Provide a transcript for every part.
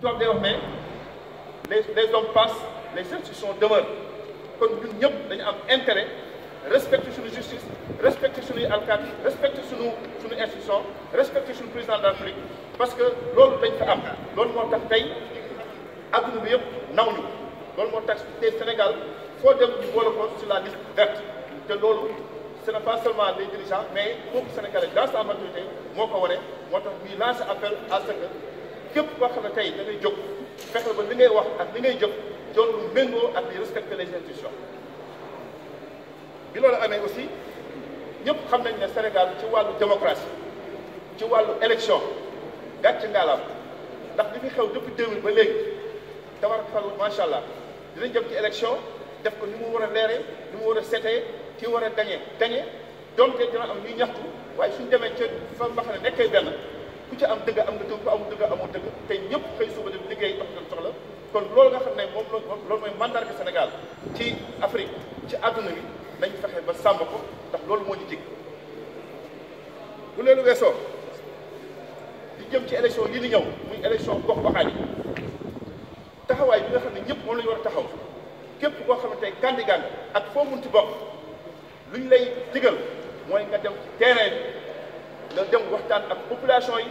tubaab day wax les les hommes passent les institutions demeurent kon ñun ñëpp dañu am intérêt respecter la justice respecter suñuy alkaati respecter suñu suñu institution respecter le président de la République parce que loolu dañ fa am loolu moo tax tey adduna bi yëpp naw ñu loolu moo tax tey Sénégal foo dem ñu boole ko sur la liste verte te loolu ce n'est pas seulement les dirigeants mais peuple sénégalais dans sa maturité moo ko wane moo tax ñuy lancer appel à ce que képp koo xam tey da ngay jóg fexe ba li ngay wax ak li ngay jóg doon lu méngoo ak di respecter les institutions bi loolu amee aussi ñëpp xam nañ ne Sénégal ci wàllu démocratie ci wàllu élection gàcc ngaalaam ndax li fi xew depuis 2000 ba léegi tabaarkalla macha allah dinañ jëm ci élection def ko ni mu war a leeree ni mu war a setee ki war a gañe gañe donte dina am ñuy ñaxtu waaye suñ demee ca fa nga xam ne nekkee benn. ku ci am dëgg am nga dëgg ku amul dëgg amul dëgg te ñëpp xëy suba dem liggéey tax leen soxla kon loolu nga xam ne moom loolu mooy mandarga Sénégal ci Afrique ci àdduna bi nañ fexee ba sàmm ko ndax loolu moo ñu jig bu loolu weesoo di jëm ci élection yi di ñëw muy élection gox goxaan yi taxawaay bi nga xam ne ñëpp moom la ñu war a taxaw képp koo xam ne tey candidat ak foo mun ci bokk lu ñu lay digal mooy nga dem ci terrain bi nga dem waxtaan ak population yi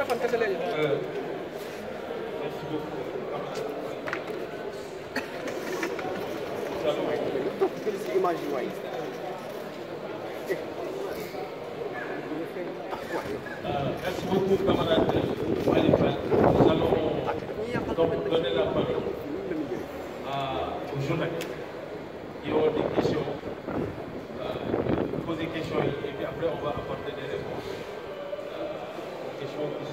Eh. Merci beaucoup. Nous image Merci beaucoup, camarade Nous allons donner la parole aux journalistes qui ont des questions, euh, poser des questions et puis après on va apporter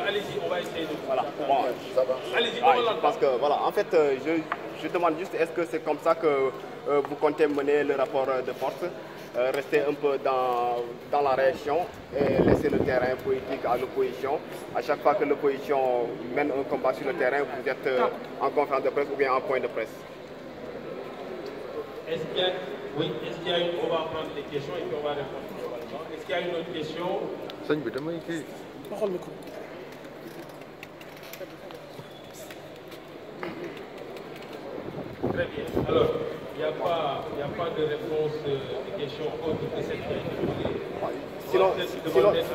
allez-y, on va essayer de. Voilà, bon, ça va. Allez-y, ah, Parce que voilà, en fait, euh, je, je demande juste est-ce que c'est comme ça que euh, vous comptez mener le rapport euh, de force Rester un peu dans, dans, la réaction et laisser le terrain politique à l'opposition. À chaque fois que l'opposition mène un combat sur le terrain, vous êtes en conférence de presse ou bien en point de presse Est-ce qu'il y, a... oui, est qu'il y a une. On va prendre les questions et puis on va répondre. Est-ce qu'il y a une autre question Très bien. Alors, il n'y a, pas, y a pas de réponse euh, de question. questions que de qui a été posée. Sinon, sinon. à autre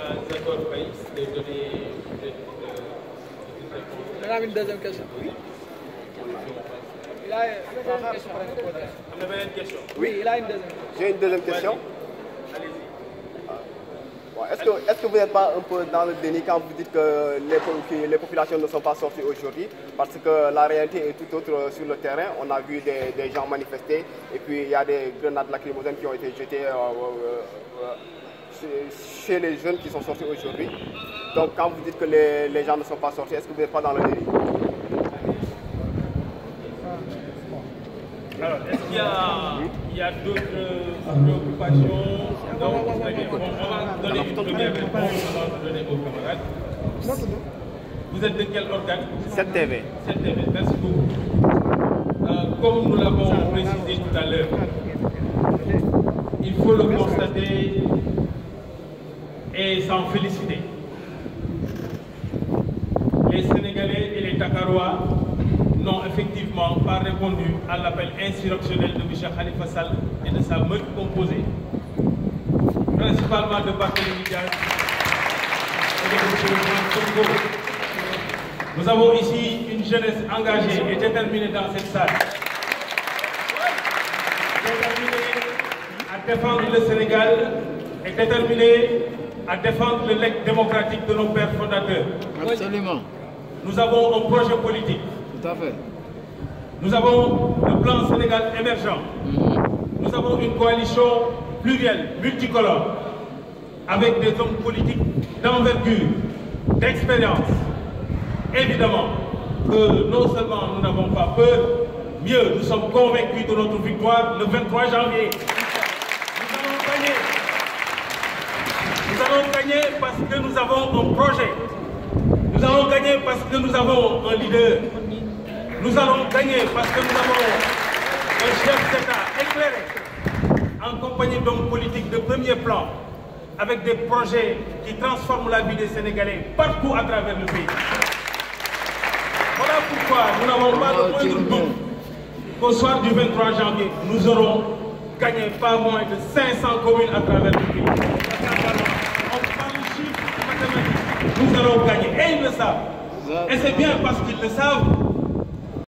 pays de donner euh, euh, a une deuxième question. Oui. Il a une deuxième question. Oui, il a une deuxième question. J'ai une deuxième question. Est-ce que, vous n'êtes pas un peu dans le déni quand vous dites que les, populations ne sont pas sorties aujourd'hui Parce que la réalité est tout autre euh, sur le terrain. On a vu des, gens manifester et puis il y a des grenades lacrymogènes qui ont été jetées euh, euh, chez les jeunes qui sont sortis aujourd'hui. Donc quand vous dites que les gens ne sont pas sortis, est-ce que vous n'êtes pas dans le déni est-ce qu'il y a, d'autres euh, préoccupations non, on va donner une première réponse avant de donner aux camarades. Vous êtes de quel organe 7TV. 7TV, merci beaucoup. Euh, comme nous l'avons précisé tout à l'heure, il faut le constater et s'en féliciter. Les Sénégalais et les Takarois n'ont effectivement pas répondu à l'appel insurrectionnel de M. Khalifa Sall et de sa meute composée, principalement de Barthélémy et de Nous avons ici une jeunesse engagée et déterminée dans cette salle. Déterminée à défendre le Sénégal et déterminée à défendre le démocratique de nos pères fondateurs. Absolument. Nous avons un projet politique tout à fait. Nous avons le plan Sénégal émergent. Nous avons une coalition plurielle, multicolore, avec des hommes politiques d'envergure, d'expérience. Évidemment que non seulement nous n'avons pas peur, mieux, nous sommes convaincus de notre victoire le 23 janvier. Nous allons gagner. Nous allons gagner parce que nous avons un projet. Nous allons gagner parce que nous avons un leader. Nous allons gagner parce que nous avons un chef d'État éclairé, en compagnie d'hommes politiques de premier plan, avec des projets qui transforment la vie des Sénégalais partout à travers le pays. Voilà pourquoi nous n'avons pas le moindre doute qu'au soir du 23 janvier, nous aurons gagné pas moins de 500 communes à travers le pays nous allons gagner. Et ils le savent. Et c'est bien parce qu'ils le savent